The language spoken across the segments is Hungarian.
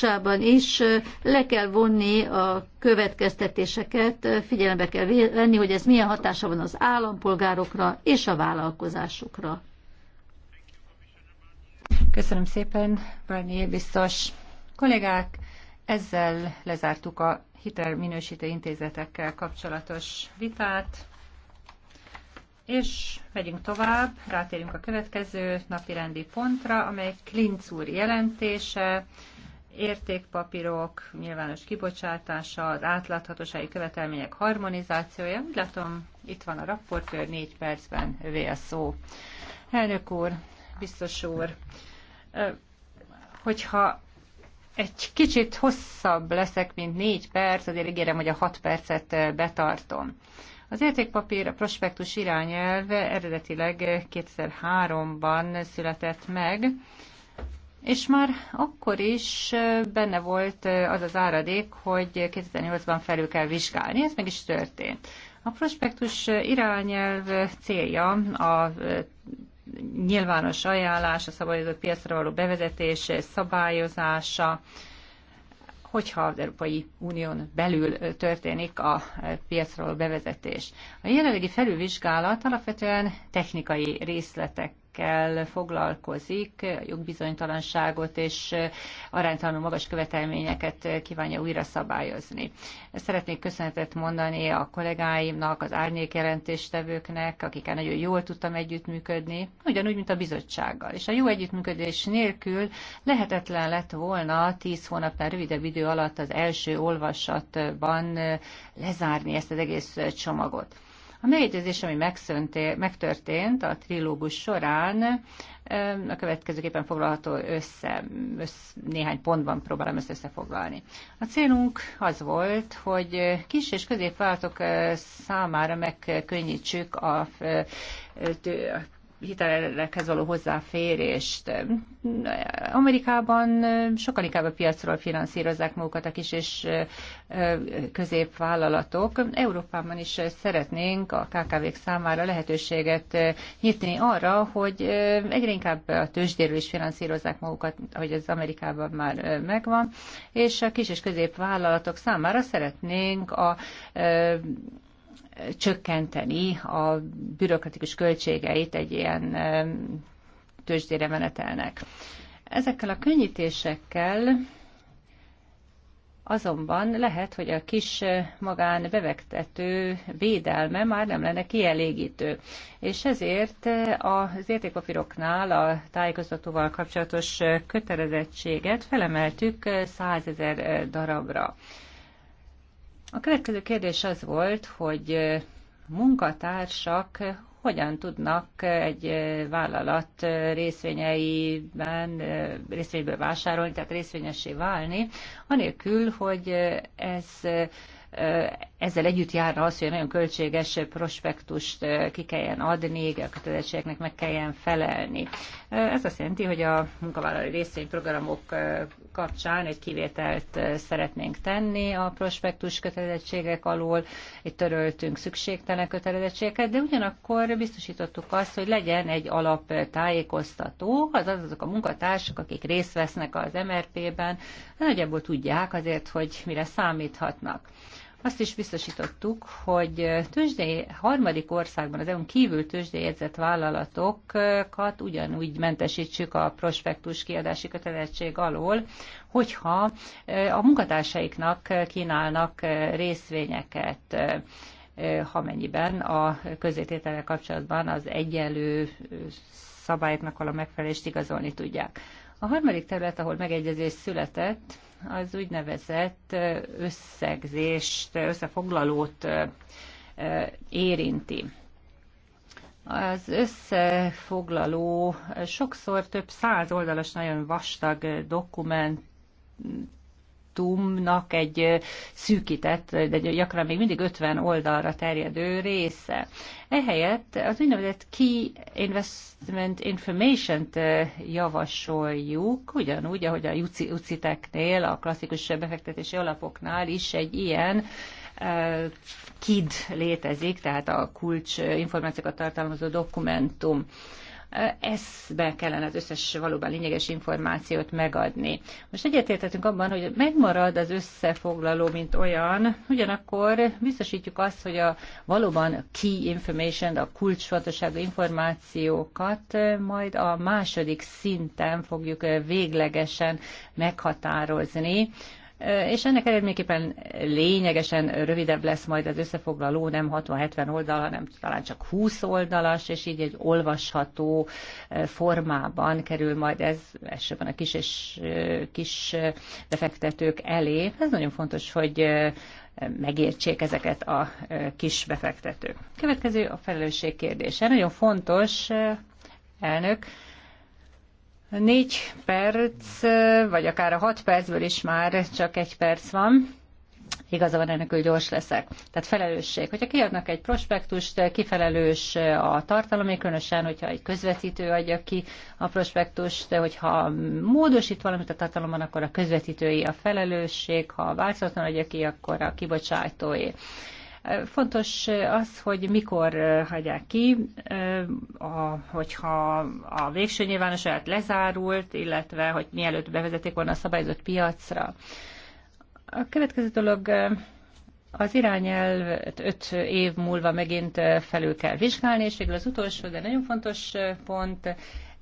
kapcsában is le kell vonni a következtetéseket, figyelembe kell venni, hogy ez milyen hatása van az állampolgárokra és a vállalkozásukra. Köszönöm szépen, Barnier biztos. Kollégák, ezzel lezártuk a hitelminősítő intézetekkel kapcsolatos vitát, és megyünk tovább, rátérünk a következő napi rendi pontra, amely Klinc úr jelentése, értékpapírok nyilvános kibocsátása, az átláthatósági követelmények harmonizációja. Úgy látom, itt van a rapportőr, négy percben övé a szó. Elnök úr, biztos úr, hogyha egy kicsit hosszabb leszek, mint négy perc, azért ígérem, hogy a hat percet betartom. Az értékpapír a prospektus irányelve eredetileg 2003-ban született meg, és már akkor is benne volt az az áradék, hogy 2008-ban felül kell vizsgálni, ez meg is történt. A prospektus irányelv célja a nyilvános ajánlás, a szabályozott piacra való bevezetés, szabályozása, hogyha az Európai Unión belül történik a piacról bevezetés. A jelenlegi felülvizsgálat alapvetően technikai részletek kérdésekkel foglalkozik, a jogbizonytalanságot és aránytalanul magas követelményeket kívánja újra szabályozni. Szeretnék köszönetet mondani a kollégáimnak, az árnyék jelentéstevőknek, akikkel nagyon jól tudtam együttműködni, ugyanúgy, mint a bizottsággal. És a jó együttműködés nélkül lehetetlen lett volna 10 hónapnál rövidebb idő alatt az első olvasatban lezárni ezt az egész csomagot. A megjegyzés, ami megtörtént a trilógus során, a következőképpen foglalható össze, össze, néhány pontban próbálom ezt összefoglalni. A célunk az volt, hogy kis és középvállalatok eh, számára megkönnyítsük a eh, hitelekhez való hozzáférést. Amerikában sokan inkább a piacról finanszírozzák magukat a kis és középvállalatok. Európában is szeretnénk a KKV-k számára lehetőséget nyitni arra, hogy egyre inkább a tőzsdéről is finanszírozzák magukat, hogy az Amerikában már megvan, és a kis és középvállalatok számára szeretnénk a csökkenteni a bürokratikus költségeit egy ilyen tőzsdére menetelnek. Ezekkel a könnyítésekkel azonban lehet, hogy a kis magán bevektető védelme már nem lenne kielégítő. És ezért az értékpapíroknál a tájékoztatóval kapcsolatos kötelezettséget felemeltük 100 ezer darabra. A következő kérdés az volt, hogy munkatársak hogyan tudnak egy vállalat részvényeiben, részvényből vásárolni, tehát részvényessé válni, anélkül, hogy ez ezzel együtt járna az, hogy nagyon költséges prospektust ki kelljen adni, a kötelezettségeknek meg kelljen felelni. Ez azt jelenti, hogy a munkavállalói részvényprogramok kapcsán egy kivételt szeretnénk tenni a prospektus kötelezettségek alól, itt töröltünk szükségtelen kötelezettségeket, de ugyanakkor biztosítottuk azt, hogy legyen egy alap tájékoztató, azaz azok a munkatársak, akik részt vesznek az MRP-ben, nagyjából tudják azért, hogy mire számíthatnak. Azt is biztosítottuk, hogy tőzsdei, harmadik országban, az EU-n kívül tőzsdéjegyzett vállalatokat ugyanúgy mentesítsük a prospektus kiadási kötelezettség alól, hogyha a munkatársaiknak kínálnak részvényeket ha mennyiben a közététele kapcsolatban az egyenlő szabályoknak a megfelelést igazolni tudják. A harmadik terület, ahol megegyezés született, az úgynevezett összegzést, összefoglalót érinti. Az összefoglaló sokszor több száz oldalas, nagyon vastag dokument dokumentumnak egy szűkített, de gyakran még mindig 50 oldalra terjedő része. Ehelyett az úgynevezett Key Investment Information-t javasoljuk, ugyanúgy, ahogy a UCITEK-nél, a klasszikus befektetési alapoknál is egy ilyen KID létezik, tehát a kulcs információkat tartalmazó dokumentum eszbe kellene az összes valóban lényeges információt megadni. Most egyetértettünk abban, hogy megmarad az összefoglaló, mint olyan, ugyanakkor biztosítjuk azt, hogy a valóban key information, a kulcsfontosságú információkat majd a második szinten fogjuk véglegesen meghatározni, és ennek eredményképpen lényegesen rövidebb lesz majd az összefoglaló, nem 60-70 oldal, hanem talán csak 20 oldalas, és így egy olvasható formában kerül majd ez elsőben a kis és kis befektetők elé. Ez nagyon fontos, hogy megértsék ezeket a kis befektetők. Következő a felelősség kérdése. Nagyon fontos, elnök, négy perc, vagy akár a hat percből is már csak egy perc van. Igaza van, ennek gyors leszek. Tehát felelősség. Hogyha kiadnak egy prospektust, kifelelős a tartalomé, különösen, hogyha egy közvetítő adja ki a prospektust, hogyha módosít valamit a tartalomban, akkor a közvetítői a felelősség, ha változatlan adja ki, akkor a kibocsátói. Fontos az, hogy mikor hagyják ki, hogyha a végső nyilvános lezárult, illetve hogy mielőtt bevezették volna a szabályozott piacra. A következő dolog az irányelvet öt év múlva megint felül kell vizsgálni, és végül az utolsó, de nagyon fontos pont,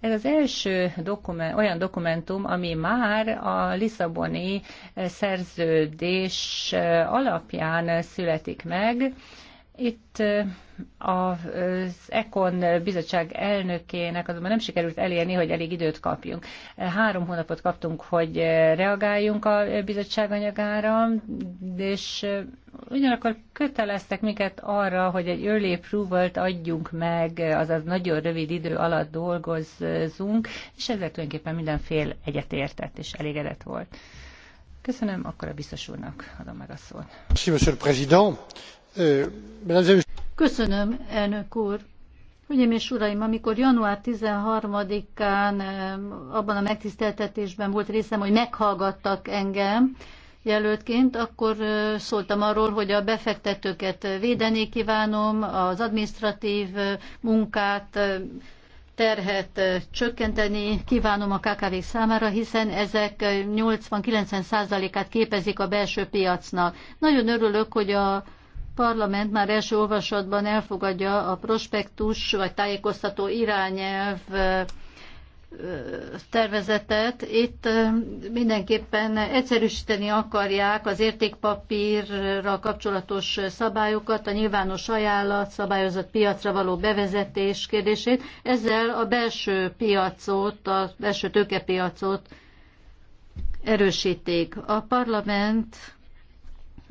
ez az első dokumen, olyan dokumentum, ami már a Lisszaboni eh, szerződés eh, alapján születik meg, itt eh, az Ekon bizottság elnökének azonban nem sikerült elérni, hogy elég időt kapjunk. Három hónapot kaptunk, hogy reagáljunk a bizottság anyagára, és ugyanakkor köteleztek minket arra, hogy egy early approval-t adjunk meg, azaz nagyon rövid idő alatt dolgozzunk, és ezzel tulajdonképpen mindenfél egyetértett és elégedett volt. Köszönöm, akkor a biztos úrnak adom meg a szót. Euh, Köszönöm, elnök úr. Hölgyeim és uraim, amikor január 13-án abban a megtiszteltetésben volt részem, hogy meghallgattak engem, jelöltként, akkor szóltam arról, hogy a befektetőket védeni kívánom, az administratív munkát, terhet csökkenteni kívánom a kkv számára, hiszen ezek 80 90 százalékát képezik a belső piacnak. Nagyon örülök, hogy a parlament már első olvasatban elfogadja a prospektus vagy tájékoztató irányelv tervezetet. Itt mindenképpen egyszerűsíteni akarják az értékpapírra kapcsolatos szabályokat, a nyilvános ajánlat, szabályozott piacra való bevezetés kérdését. Ezzel a belső piacot, a belső tőkepiacot erősíték. A parlament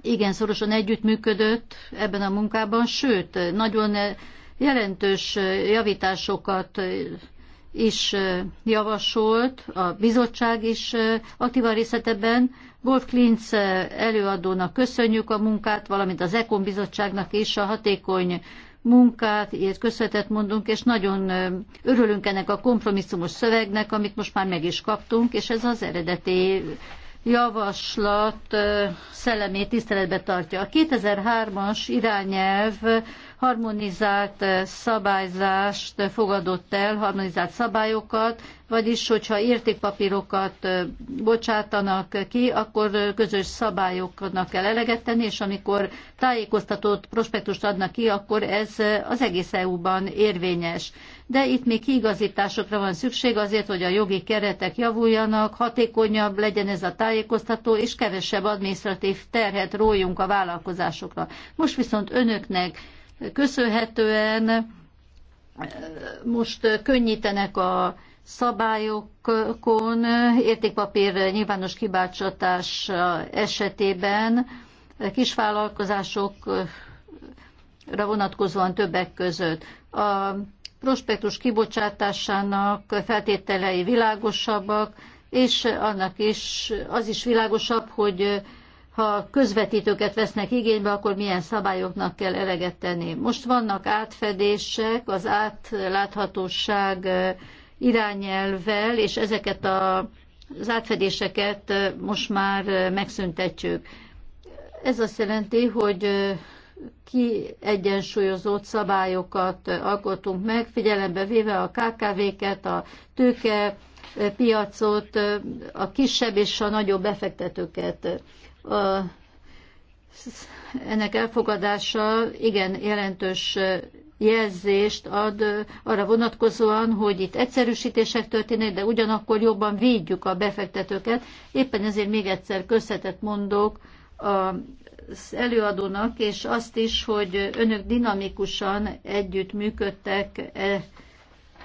igen szorosan együttműködött ebben a munkában, sőt, nagyon jelentős javításokat is javasolt, a bizottság is aktívan részlet ebben. Wolf Klintz előadónak köszönjük a munkát, valamint az EKON bizottságnak is a hatékony munkát, ilyet köszönetet mondunk, és nagyon örülünk ennek a kompromisszumos szövegnek, amit most már meg is kaptunk, és ez az eredeti javaslat szellemét tiszteletbe tartja. A 2003-as irányelv harmonizált eh, szabályzást fogadott el, harmonizált szabályokat, vagyis hogyha értékpapírokat eh, bocsátanak ki, akkor eh, közös szabályoknak kell eleget tenni, és amikor tájékoztatót, prospektust adnak ki, akkor ez az egész EU-ban érvényes. De itt még kiigazításokra van szükség azért, hogy a jogi keretek javuljanak, hatékonyabb legyen ez a tájékoztató, és kevesebb adminisztratív terhet rójunk a vállalkozásokra. Most viszont önöknek köszönhetően eh, most könnyítenek a szabályokon, értékpapír nyilvános kibácsatás esetében kisvállalkozásokra vonatkozóan többek között. A prospektus kibocsátásának feltételei világosabbak, és annak is, az is világosabb, hogy ha közvetítőket vesznek igénybe, akkor milyen szabályoknak kell eleget tenni. Most vannak átfedések az átláthatóság irányelvvel, és ezeket a, az átfedéseket most már megszüntetjük. Ez azt jelenti, hogy kiegyensúlyozott szabályokat alkotunk meg, figyelembe véve a KKV-ket, a tőke piacot, a kisebb és a nagyobb befektetőket a, ennek elfogadása igen jelentős jelzést ad arra vonatkozóan, hogy itt egyszerűsítések történnek, de ugyanakkor jobban védjük a befektetőket. Éppen ezért még egyszer köszönetet mondok az előadónak, és azt is, hogy önök dinamikusan együtt működtek e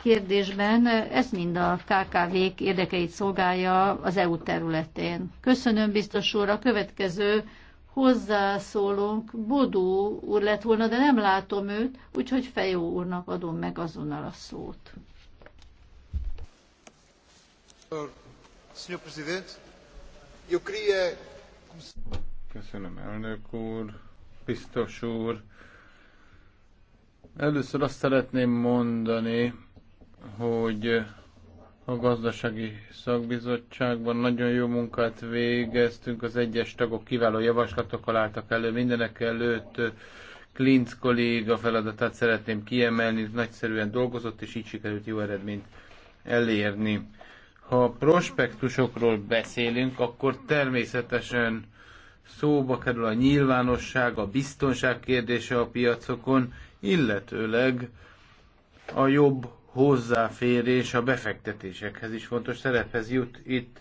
kérdésben, ez mind a KKV-k érdekeit szolgálja az EU területén. Köszönöm biztos úr, a következő hozzászólónk Bodó úr lett volna, de nem látom őt, úgyhogy Fejó úrnak adom meg azonnal a szót. Köszönöm, elnök úr, biztos úr. Először azt szeretném mondani, hogy a gazdasági szakbizottságban nagyon jó munkát végeztünk, az egyes tagok kiváló javaslatokkal álltak elő, mindenek előtt Klinc kolléga feladatát szeretném kiemelni, nagyszerűen dolgozott, és így sikerült jó eredményt elérni. Ha prospektusokról beszélünk, akkor természetesen szóba kerül a nyilvánosság, a biztonság kérdése a piacokon, illetőleg a jobb hozzáférés a befektetésekhez is fontos szerephez jut. Itt,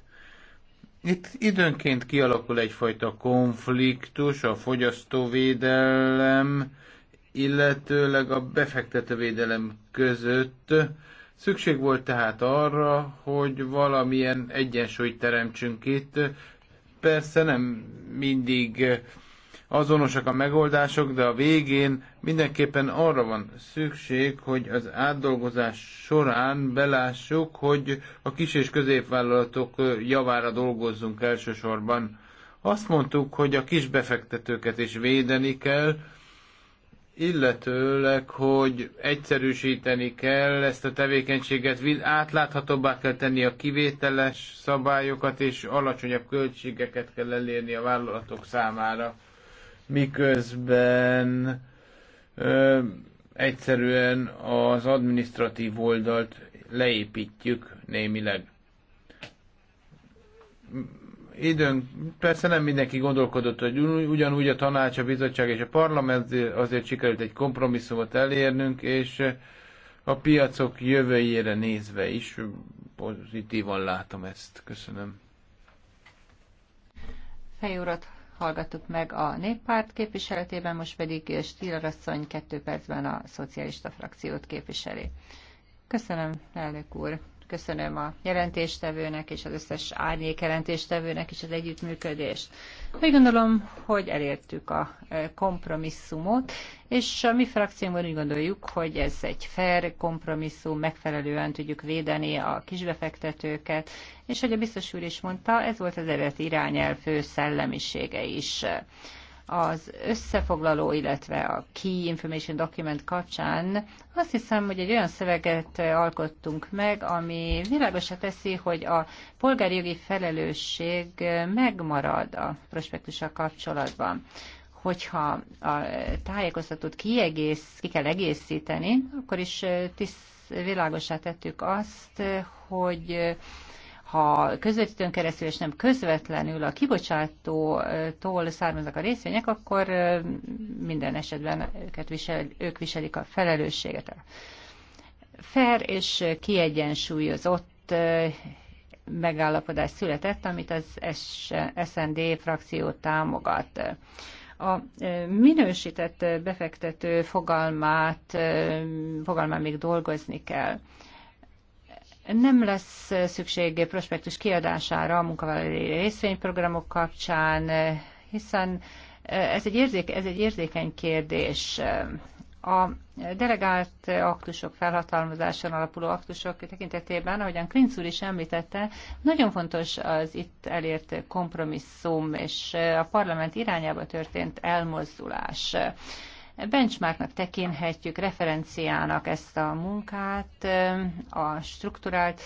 itt időnként kialakul egyfajta konfliktus a fogyasztóvédelem, illetőleg a befektetővédelem között. Szükség volt tehát arra, hogy valamilyen egyensúlyt teremtsünk itt. Persze nem mindig azonosak a megoldások, de a végén mindenképpen arra van szükség, hogy az átdolgozás során belássuk, hogy a kis és középvállalatok javára dolgozzunk elsősorban. Azt mondtuk, hogy a kis befektetőket is védeni kell, illetőleg, hogy egyszerűsíteni kell ezt a tevékenységet, átláthatóbbá kell tenni a kivételes szabályokat, és alacsonyabb költségeket kell elérni a vállalatok számára miközben ö, egyszerűen az administratív oldalt leépítjük némileg. Időn, persze nem mindenki gondolkodott, hogy ugyanúgy a tanács, a bizottság és a parlament azért sikerült egy kompromisszumot elérnünk, és a piacok jövőjére nézve is pozitívan látom ezt. Köszönöm. Fejúrat hallgattuk meg a néppárt képviseletében, most pedig Stíler asszony kettő percben a szocialista frakciót képviseli. Köszönöm, elnök úr! Köszönöm a jelentéstevőnek és az összes árnyék jelentéstevőnek is az együttműködést. Úgy gondolom, hogy elértük a e, kompromisszumot, és a mi frakciónkban úgy gondoljuk, hogy ez egy fair kompromisszum, megfelelően tudjuk védeni a kisbefektetőket, és hogy a biztos úr is mondta, ez volt az eredeti irányelv fő szellemisége is az összefoglaló, illetve a Key Information Document kapcsán azt hiszem, hogy egy olyan szöveget alkottunk meg, ami világosra teszi, hogy a polgári jogi felelősség megmarad a prospektussal kapcsolatban hogyha a tájékoztatót kiegész, ki kell egészíteni, akkor is tiszt, világosá tettük azt, hogy ha közvetítőn keresztül és nem közvetlenül a kibocsátótól származnak a részvények, akkor minden esetben őket visel, ők viselik a felelősséget. Fair és kiegyensúlyozott megállapodás született, amit az SND frakció támogat. A minősített befektető fogalmát, fogalmán még dolgozni kell nem lesz szükség prospektus kiadására a munkavállalói részvényprogramok kapcsán, hiszen ez egy, érzéke, ez egy érzékeny kérdés. A delegált aktusok, felhatalmazáson alapuló aktusok tekintetében, ahogyan Klinc úr is említette, nagyon fontos az itt elért kompromisszum és a parlament irányába történt elmozdulás benchmarknak tekinthetjük, referenciának ezt a munkát a strukturált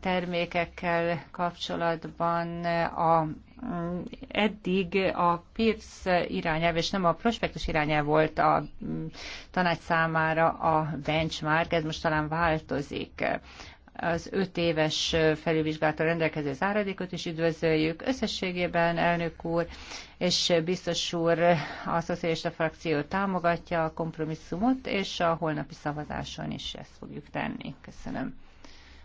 termékekkel kapcsolatban a mm, eddig a PIRS irányelv, és nem a prospektus irányelv volt a mm, tanács számára a benchmark, ez most talán változik az öt éves felülvizsgálata rendelkező záradékot is üdvözöljük. Összességében elnök úr és biztos úr a szocialista frakció támogatja a kompromisszumot, és a holnapi szavazáson is ezt fogjuk tenni. Köszönöm.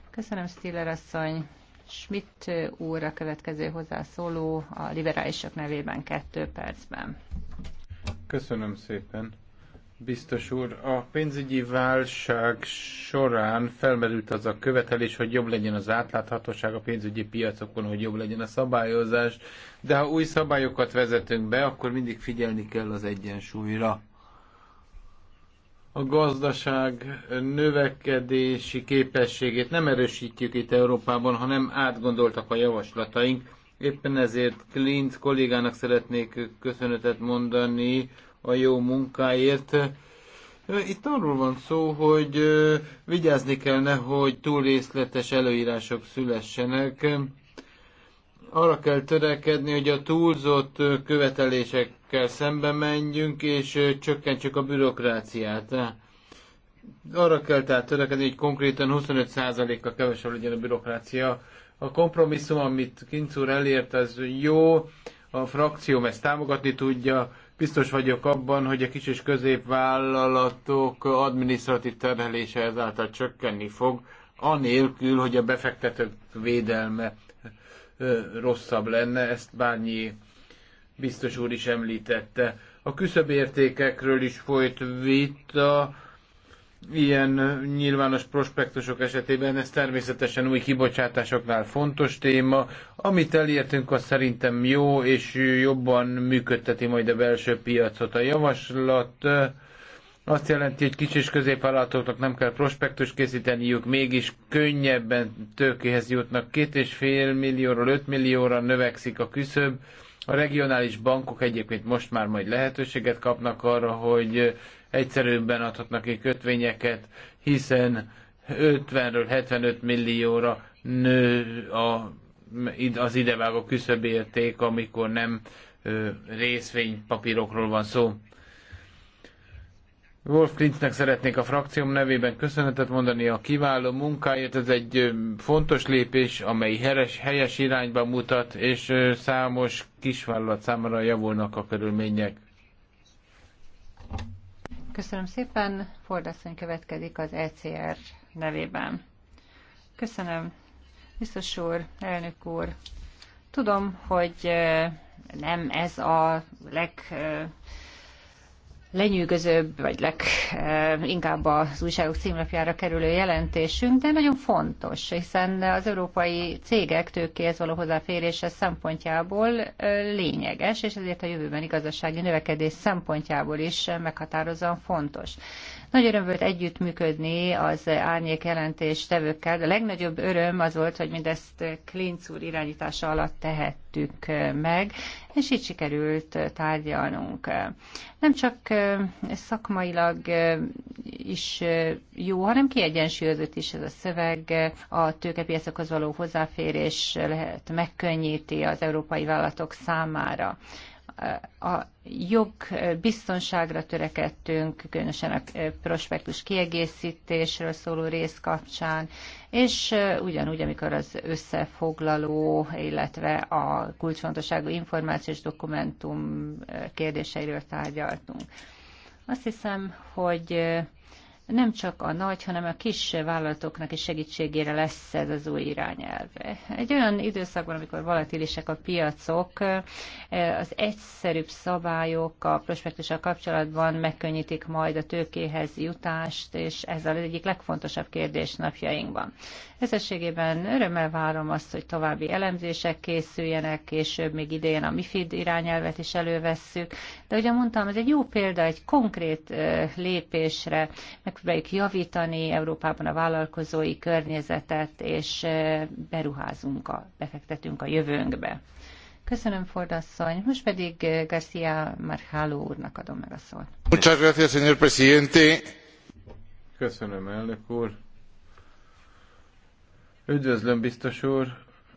Köszönöm, Stiller asszony. Schmidt úr a következő hozzászóló a liberálisok nevében kettő percben. Köszönöm szépen. Biztos úr, a pénzügyi válság során felmerült az a követelés, hogy jobb legyen az átláthatóság a pénzügyi piacokon, hogy jobb legyen a szabályozás, de ha új szabályokat vezetünk be, akkor mindig figyelni kell az egyensúlyra. A gazdaság növekedési képességét nem erősítjük itt Európában, hanem átgondoltak a javaslataink Éppen ezért Klint kollégának szeretnék köszönetet mondani a jó munkáért. Itt arról van szó, hogy vigyázni kellene, hogy túl részletes előírások szülessenek. Arra kell törekedni, hogy a túlzott követelésekkel szembe menjünk, és csökkentsük a bürokráciát. Arra kell tehát törekedni, hogy konkrétan 25%-kal kevesebb legyen a bürokrácia, a kompromisszum, amit Kinc úr elért, az jó, a frakcióm ezt támogatni tudja, biztos vagyok abban, hogy a kis és középvállalatok adminisztratív terhelése ezáltal csökkenni fog, anélkül, hogy a befektetők védelme rosszabb lenne, ezt bárnyi biztos úr is említette. A küszöbértékekről is folyt vita, ilyen nyilvános prospektusok esetében ez természetesen új kibocsátásoknál fontos téma. Amit elértünk, az szerintem jó, és jobban működteti majd a belső piacot. A javaslat azt jelenti, hogy kis és középvállalatoknak nem kell prospektus készíteniük, mégis könnyebben tőkéhez jutnak. Két és fél millióról öt millióra növekszik a küszöb. A regionális bankok egyébként most már majd lehetőséget kapnak arra, hogy egyszerűbben adhatnak ki kötvényeket, hiszen 50-ről 75 millióra nő a, az idevágó küszöbérték, amikor nem részvénypapírokról van szó. Wolf Klintznek szeretnék a frakcióm nevében köszönetet mondani a kiváló munkáért. Ez egy fontos lépés, amely heres, helyes irányba mutat, és számos kisvállalat számára javulnak a körülmények. Köszönöm szépen. Fordasszony következik az ECR nevében. Köszönöm. Biztos úr, elnök úr, tudom, hogy eh, nem ez a leg eh, Lenyűgözőbb vagy leginkább eh, az újságok címlapjára kerülő jelentésünk, de nagyon fontos, hiszen az európai cégek tőkéhez való hozzáférése szempontjából eh, lényeges, és ezért a jövőben gazdasági növekedés szempontjából is eh, meghatározóan fontos. Nagy öröm volt együttműködni az árnyék jelentés tevőkkel, de a legnagyobb öröm az volt, hogy mindezt Klinc úr irányítása alatt tehet beszéltük meg, és így sikerült tárgyalnunk. Nem csak szakmailag is jó, hanem kiegyensúlyozott is ez a szöveg, a tőkepiacokhoz való hozzáférés lehet megkönnyíti az európai vállalatok számára a jog biztonságra törekedtünk, különösen a prospektus kiegészítésről szóló rész kapcsán, és ugyanúgy, amikor az összefoglaló, illetve a kulcsfontosságú információs dokumentum kérdéseiről tárgyaltunk. Azt hiszem, hogy nem csak a nagy, hanem a kis vállalatoknak is segítségére lesz ez az új irányelv. Egy olyan időszakban, amikor volatilisek a piacok, az egyszerűbb szabályok a prospektussal kapcsolatban megkönnyítik majd a tőkéhez jutást, és ez az egyik legfontosabb kérdés napjainkban. Összességében örömmel várom azt, hogy további elemzések készüljenek, később még idén a MIFID irányelvet is elővesszük, de ugye mondtam, ez egy jó példa egy konkrét lépésre, meg megpróbáljuk javítani Európában a vállalkozói környezetet, és beruházunk, a, befektetünk a jövőnkbe. Köszönöm, fordasszony Most pedig García Marjáló úrnak adom meg a szót. Muchas gracias, señor presidente. Köszönöm, elnök úr. Üdvözlöm, biztos úr.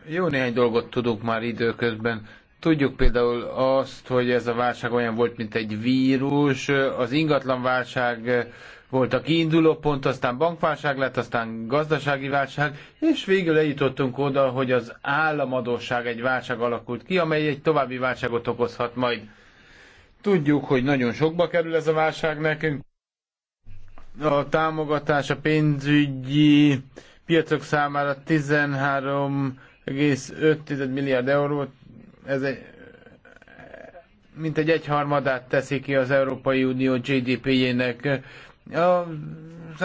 Jó néhány dolgot tudunk már időközben. Tudjuk például azt, hogy ez a válság olyan volt, mint egy vírus. Az ingatlan válság volt a kiinduló pont, aztán bankválság lett, aztán gazdasági válság, és végül eljutottunk oda, hogy az államadóság egy válság alakult ki, amely egy további válságot okozhat majd. Tudjuk, hogy nagyon sokba kerül ez a válság nekünk. A támogatás a pénzügyi piacok számára 13,5 milliárd eurót, ez egy, mint egy egyharmadát teszi ki az Európai Unió GDP-jének. Az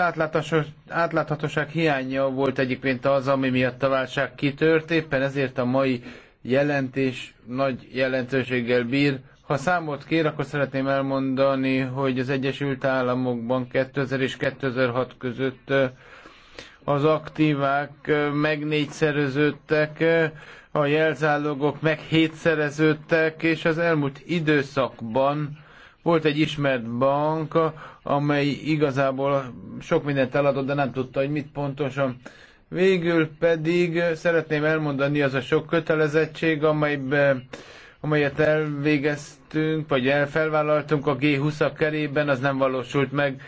átláthatóság, hiánya volt egyébként az, ami miatt a válság kitört, éppen ezért a mai jelentés nagy jelentőséggel bír. Ha számot kér, akkor szeretném elmondani, hogy az Egyesült Államokban 2000 és 2006 között az aktívák meg négyszereződtek, a jelzálogok meg hétszereződtek, és az elmúlt időszakban volt egy ismert bank, amely igazából sok mindent eladott, de nem tudta, hogy mit pontosan. Végül pedig szeretném elmondani az a sok kötelezettség, amelybe, amelyet elvégeztünk, vagy elfelvállaltunk a G20-ak kerében, az nem valósult meg.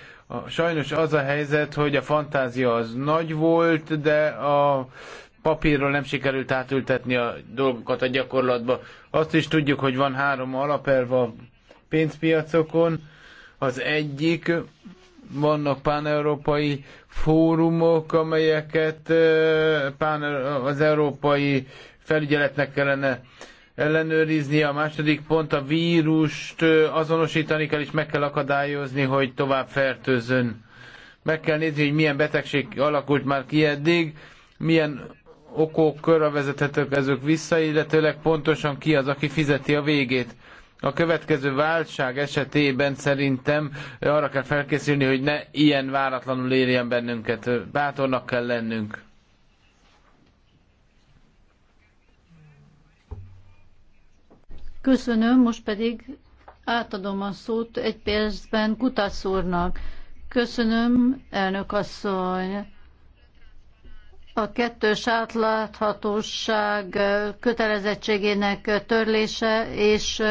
Sajnos az a helyzet, hogy a fantázia az nagy volt, de a papírról nem sikerült átültetni a dolgokat a gyakorlatba. Azt is tudjuk, hogy van három alapelv a pénzpiacokon, az egyik, vannak európai fórumok, amelyeket pán, az európai felügyeletnek kellene ellenőrizni. A második pont a vírust azonosítani kell, és meg kell akadályozni, hogy tovább fertőzön. Meg kell nézni, hogy milyen betegség alakult már ki eddig, milyen okok körre vezethetők ezek vissza, illetőleg pontosan ki az, aki fizeti a végét a következő válság esetében szerintem arra kell felkészülni, hogy ne ilyen váratlanul érjen bennünket. Bátornak kell lennünk. Köszönöm, most pedig átadom a szót egy percben Kutasz úrnak. Köszönöm, elnök asszony. A kettős átláthatóság kötelezettségének törlése és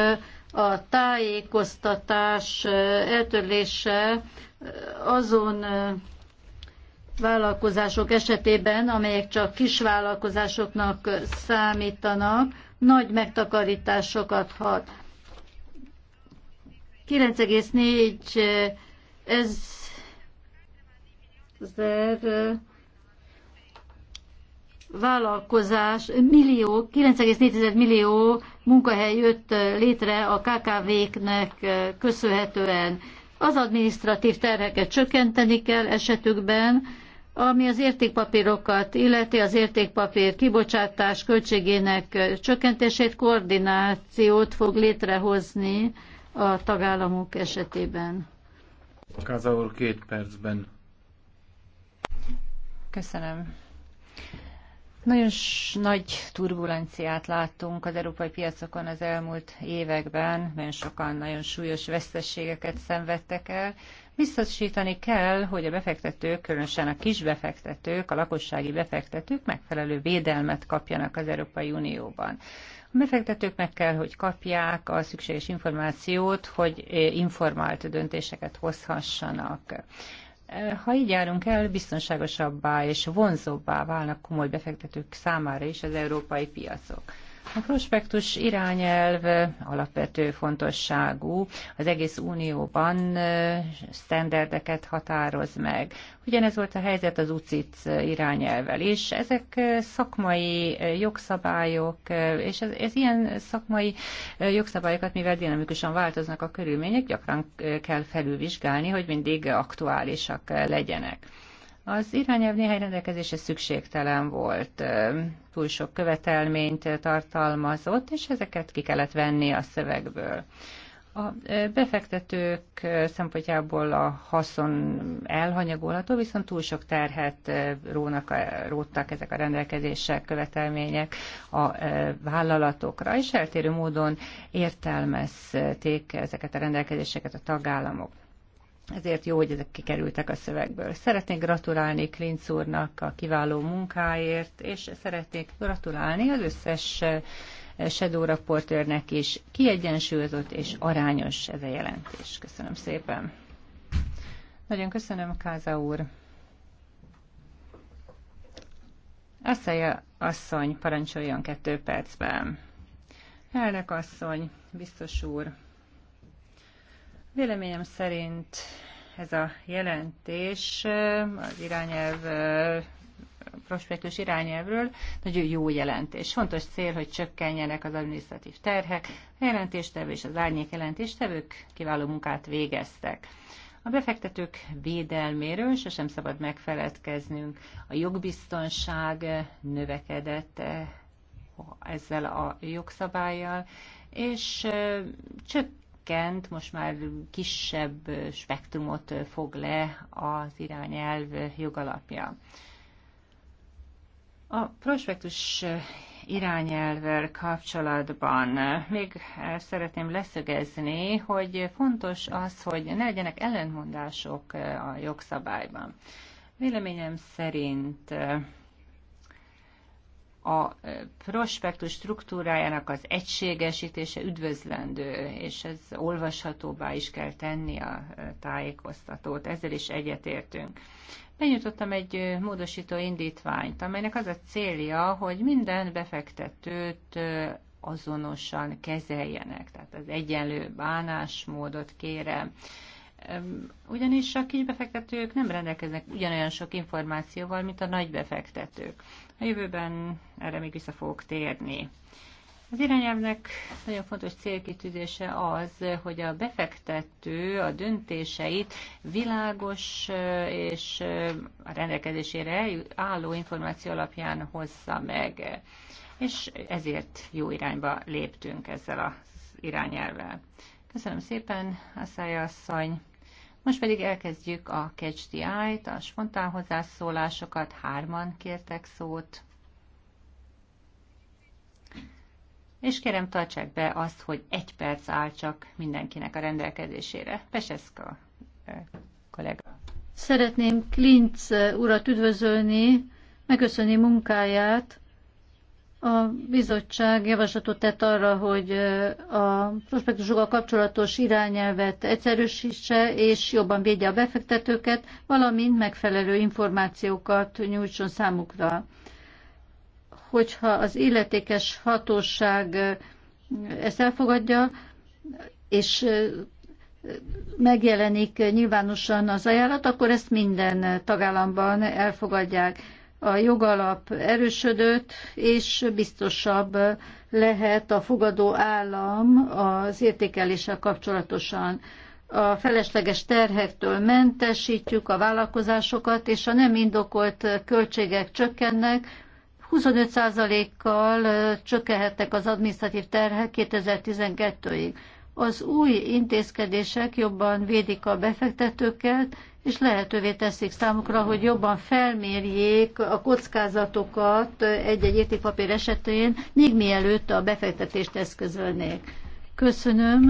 a tájékoztatás eltörlése azon vállalkozások esetében, amelyek csak kisvállalkozásoknak számítanak, nagy megtakarításokat hat. 9,4 ezer vállalkozás, millió, 9,4 millió munkahely jött létre a KKV-knek köszönhetően. Az adminisztratív terheket csökkenteni kell esetükben, ami az értékpapírokat illeti, az értékpapír kibocsátás költségének csökkentését, koordinációt fog létrehozni a tagállamok esetében. Kázaur két percben. Köszönöm. Nagyon nagy turbulenciát láttunk az európai piacokon az elmúlt években, nagyon sokan nagyon súlyos veszteségeket szenvedtek el. Biztosítani kell, hogy a befektetők, különösen a kisbefektetők, a lakossági befektetők megfelelő védelmet kapjanak az Európai Unióban. A befektetők meg kell, hogy kapják a szükséges információt, hogy eh, informált döntéseket hozhassanak. Ha így járunk el, biztonságosabbá és vonzóbbá válnak komoly befektetők számára is az európai piacok. A prospektus irányelv alapvető fontosságú, az egész unióban sztenderdeket határoz meg. Ugyanez volt a helyzet az UCIC irányelvel is. Ezek szakmai jogszabályok, és ez, ez ilyen szakmai jogszabályokat, mivel dinamikusan változnak a körülmények, gyakran kell felülvizsgálni, hogy mindig aktuálisak legyenek. Az irányelv néhány rendelkezése szükségtelen volt, túl sok követelményt tartalmazott, és ezeket ki kellett venni a szövegből. A befektetők szempontjából a haszon elhanyagolható, viszont túl sok terhet rónak, róttak ezek a rendelkezések, követelmények a vállalatokra, és eltérő módon értelmezték ezeket a rendelkezéseket a tagállamok ezért jó, hogy ezek kikerültek a szövegből. Szeretnék gratulálni Klinc úrnak a kiváló munkáért, és szeretnék gratulálni az összes eh, Shadow raportőrnek is. Kiegyensúlyozott és arányos ez a jelentés. Köszönöm szépen. Nagyon köszönöm, Káza úr. Asszaja asszony, parancsoljon kettő percben. Elnök asszony, biztos úr, Véleményem szerint ez a jelentés az irányelv prospektus irányelvről nagyon jó jelentés. Fontos cél, hogy csökkenjenek az administratív terhek. A jelentéstevő és az árnyék jelentéstevők kiváló munkát végeztek. A befektetők védelméről sosem szabad megfeledkeznünk. A jogbiztonság növekedett ezzel a jogszabályjal, és csökkent csökkent, most már kisebb spektrumot fog le az irányelv jogalapja. A prospektus irányelvvel kapcsolatban még szeretném leszögezni, hogy fontos az, hogy ne legyenek ellentmondások a jogszabályban. Véleményem szerint a e, prospektus struktúrájának az egységesítése üdvözlendő, és ez olvashatóbbá is kell tenni a e, tájékoztatót. Ezzel is egyetértünk. Benyújtottam egy e, módosító indítványt, amelynek az a célja, hogy minden befektetőt azonosan kezeljenek, tehát az egyenlő bánásmódot kérem ugyanis a kisbefektetők nem rendelkeznek ugyanolyan sok információval, mint a nagy befektetők. A jövőben erre még vissza fogok térni. Az irányelvnek nagyon fontos célkitűzése az, hogy a befektető a döntéseit világos eh, és eh, a rendelkezésére álló információ alapján hozza meg. És ezért jó irányba léptünk ezzel az irányelvvel. Köszönöm szépen, Asszája asszony! Most pedig elkezdjük a Catch the Eye-t, a spontán hozzászólásokat. Hárman kértek szót. És kérem, tartsák be azt, hogy egy perc áll csak mindenkinek a rendelkezésére. Peseszka kollega. Szeretném Klinc urat üdvözölni, megköszönni munkáját, a bizottság javaslatot tett arra, hogy a prospektusokkal kapcsolatos irányelvet egyszerűsítse és jobban védje a befektetőket, valamint megfelelő információkat nyújtson számukra. Hogyha az illetékes hatóság ezt elfogadja, és megjelenik nyilvánosan az ajánlat, akkor ezt minden tagállamban elfogadják a jogalap erősödött, és biztosabb lehet a fogadó állam az értékeléssel kapcsolatosan. A felesleges terhektől mentesítjük a vállalkozásokat, és a nem indokolt költségek csökkennek, 25%-kal csökkenhettek az adminisztratív terhek 2012-ig. Az új intézkedések jobban védik a befektetőket, és lehetővé teszik számukra, hogy jobban felmérjék a kockázatokat egy-egy értékpapír esetén, még mielőtt a befektetést eszközölnék. Köszönöm.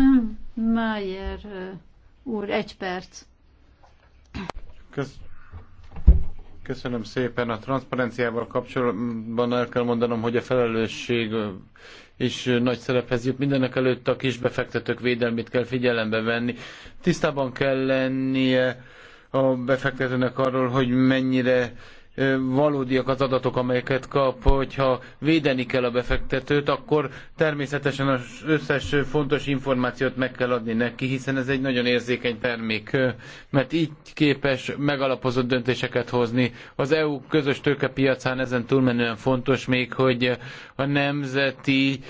Májer uh, úr, egy perc. Köszönöm. Köszönöm szépen. A transzparenciával kapcsolatban el kell mondanom, hogy a felelősség is nagy szerephez jut. Mindenek előtt a kis befektetők védelmét kell figyelembe venni. Tisztában kell lennie a befektetőnek arról, hogy mennyire valódiak az adatok, amelyeket kap, hogyha védeni kell a befektetőt, akkor természetesen az összes fontos információt meg kell adni neki, hiszen ez egy nagyon érzékeny termék, mert így képes megalapozott döntéseket hozni. Az EU közös tőkepiacán ezen túlmenően fontos még, hogy a nemzeti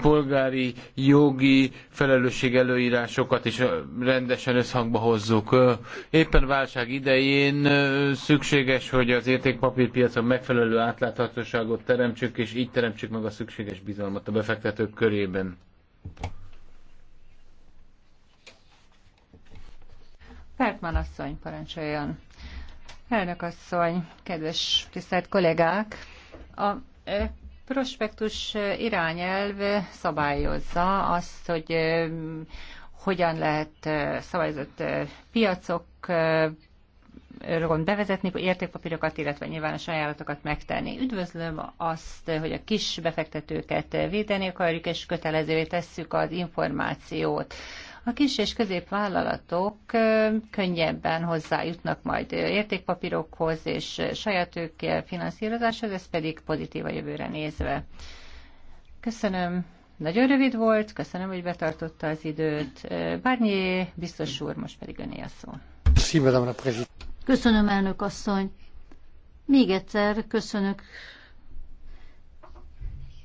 polgári jogi felelősség előírásokat is rendesen összhangba hozzuk. Éppen válság idején szükséges, hogy az értékpapírpiacon megfelelő átláthatóságot teremtsük, és így teremtsük meg a szükséges bizalmat a befektetők körében. Pertman asszony, parancsoljon. Elnök asszony, kedves tisztelt kollégák! A prospektus irányelv szabályozza azt, hogy hogyan lehet szabályozott piacok bevezetni értékpapírokat, illetve nyilvános ajánlatokat megtenni. Üdvözlöm azt, hogy a kis befektetőket védeni akarjuk, és kötelezővé tesszük az információt a kis és középvállalatok könnyebben hozzájutnak majd értékpapírokhoz és saját ők finanszírozáshoz, ez pedig pozitív a jövőre nézve. Köszönöm. Nagyon rövid volt, köszönöm, hogy betartotta az időt. Bárnyi biztos úr, most pedig öné a szó. Köszönöm, elnök asszony. Még egyszer köszönök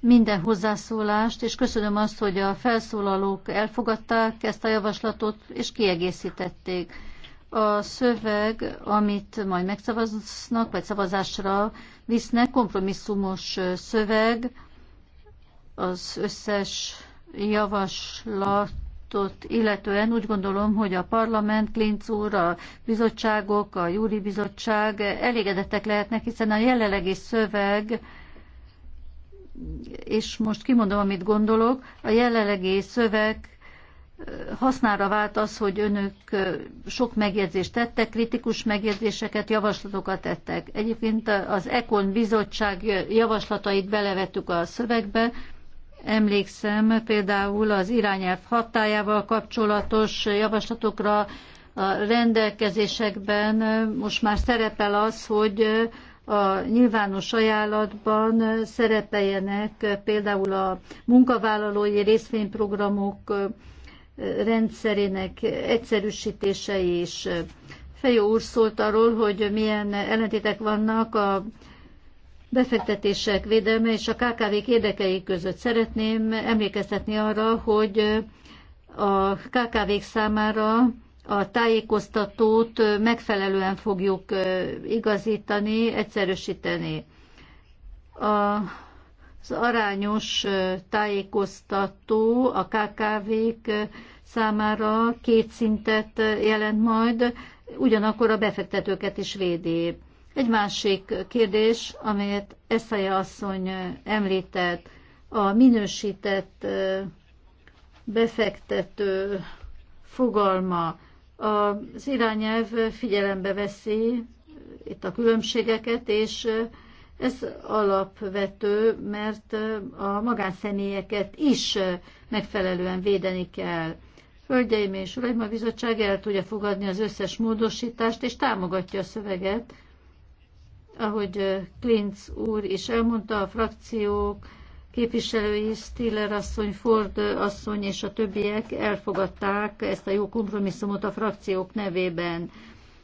minden hozzászólást, és köszönöm azt, hogy a felszólalók elfogadták ezt a javaslatot, és kiegészítették. A szöveg, amit majd megszavaznak, vagy szavazásra visznek, kompromisszumos szöveg, az összes javaslatot illetően úgy gondolom, hogy a parlament, Klinc úr, a bizottságok, a júri bizottság elégedettek lehetnek, hiszen a jelenlegi szöveg és most kimondom, amit gondolok, a jelenlegi szöveg hasznára vált az, hogy önök sok megjegyzést tettek, kritikus megjegyzéseket, javaslatokat tettek. Egyébként az Ekon bizottság javaslatait belevettük a szövegbe. Emlékszem például az irányelv hatájával kapcsolatos javaslatokra, a rendelkezésekben most már szerepel az, hogy a nyilvános ajánlatban szerepeljenek például a munkavállalói részvényprogramok rendszerének egyszerűsítése is. Fejó úr szólt arról, hogy milyen ellentétek vannak a befektetések védelme és a KKV-k érdekei között. Szeretném emlékeztetni arra, hogy a KKV-k számára a tájékoztatót megfelelően fogjuk igazítani, egyszerűsíteni. A, az arányos tájékoztató a KKV-k számára két szintet jelent majd, ugyanakkor a befektetőket is védi. Egy másik kérdés, amelyet Eszaja asszony említett, a minősített befektető fogalma. Az irányelv figyelembe veszi itt a különbségeket, és ez alapvető, mert a magánszemélyeket is megfelelően védeni kell. Hölgyeim és Uraim, a bizottság el tudja fogadni az összes módosítást, és támogatja a szöveget, ahogy Klinc úr is elmondta, a frakciók képviselői, Stiller asszony, Ford asszony és a többiek elfogadták ezt a jó kompromisszumot a frakciók nevében.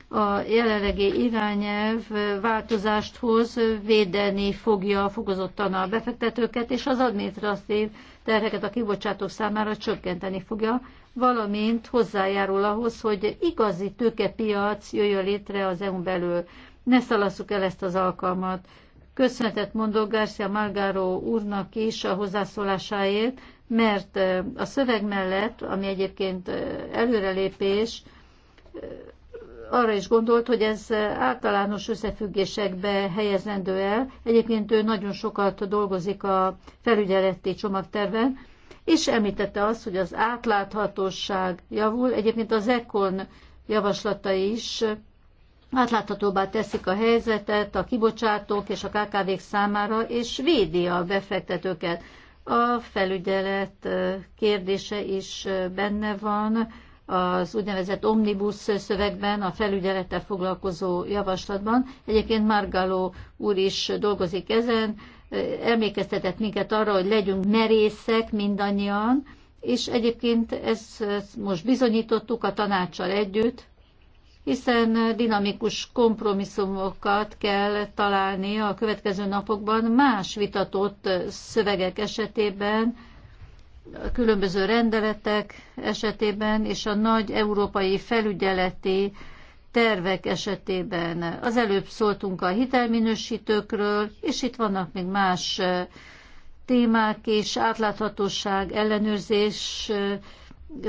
A jelenlegi irányelv változást hoz, védeni fogja fokozottan a befektetőket, és az administratív terheket a kibocsátók számára csökkenteni fogja, valamint hozzájárul ahhoz, hogy igazi tőkepiac jöjjön létre az EU-n belül. Ne szalasszuk el ezt az alkalmat. Köszönetet mondok Garcia Margaro úrnak is a hozzászólásáért, mert a szöveg mellett, ami egyébként előrelépés, arra is gondolt, hogy ez általános összefüggésekbe helyezendő el. Egyébként ő nagyon sokat dolgozik a felügyeleti csomagterven, és említette azt, hogy az átláthatóság javul. Egyébként az ECON javaslata is átláthatóbbá teszik a helyzetet a kibocsátók és a kkv számára, és védi a befektetőket. A felügyelet kérdése is benne van az úgynevezett omnibus szövegben, a felügyelettel foglalkozó javaslatban. Egyébként Margaló úr is dolgozik ezen, emlékeztetett minket arra, hogy legyünk merészek mindannyian, és egyébként ezt most bizonyítottuk a tanácsal együtt, hiszen dinamikus kompromisszumokat kell találni a következő napokban más vitatott szövegek esetében, a különböző rendeletek esetében és a nagy európai felügyeleti tervek esetében. Az előbb szóltunk a hitelminősítőkről, és itt vannak még más témák és átláthatóság, ellenőrzés,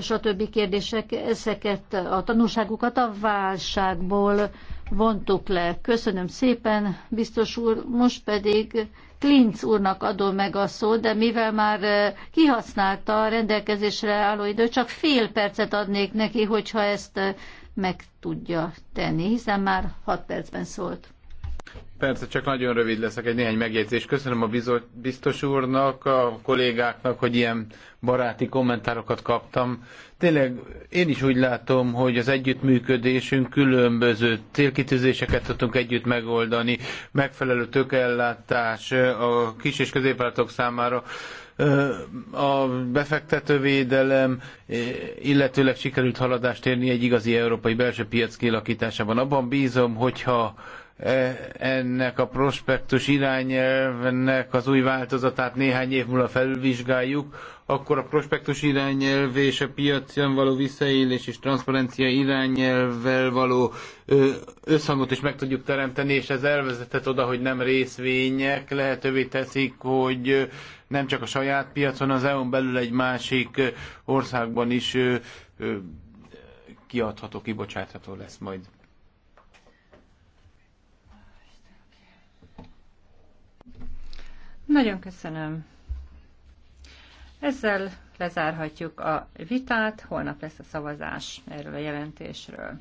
stb. kérdések, ezeket a tanulságokat a válságból vontuk le. Köszönöm szépen, biztos úr, most pedig Klinc úrnak adom meg a szót, de mivel már eh, kihasználta a rendelkezésre álló időt, csak fél percet adnék neki, hogyha ezt eh, meg tudja tenni, hiszen már hat percben szólt. Persze, csak nagyon rövid leszek, egy néhány megjegyzés. Köszönöm a biztos úrnak, a kollégáknak, hogy ilyen baráti kommentárokat kaptam. Tényleg én is úgy látom, hogy az együttműködésünk különböző célkitűzéseket tudtunk együtt megoldani, megfelelő tökellátás a kis és középvállalatok számára, a befektetővédelem, illetőleg sikerült haladást érni egy igazi európai belső piac kialakításában. Abban bízom, hogyha E, ennek a prospektus irányelvnek az új változatát néhány év múlva felülvizsgáljuk, akkor a prospektus irányelv és a piacon való visszaélés és transzparencia irányelvvel való összhangot is meg tudjuk teremteni, és ez elvezetett oda, hogy nem részvények lehetővé teszik, hogy nem csak a saját piacon, az EU-n belül egy másik országban is kiadható, kibocsátható lesz majd. Nagyon köszönöm. Ezzel lezárhatjuk a vitát, holnap lesz a szavazás erről a jelentésről.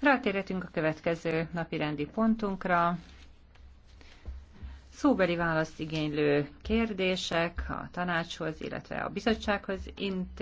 Rátérhetünk a következő napirendi pontunkra. Szóbeli választ igénylő kérdések a tanácshoz, illetve a bizottsághoz intézmények.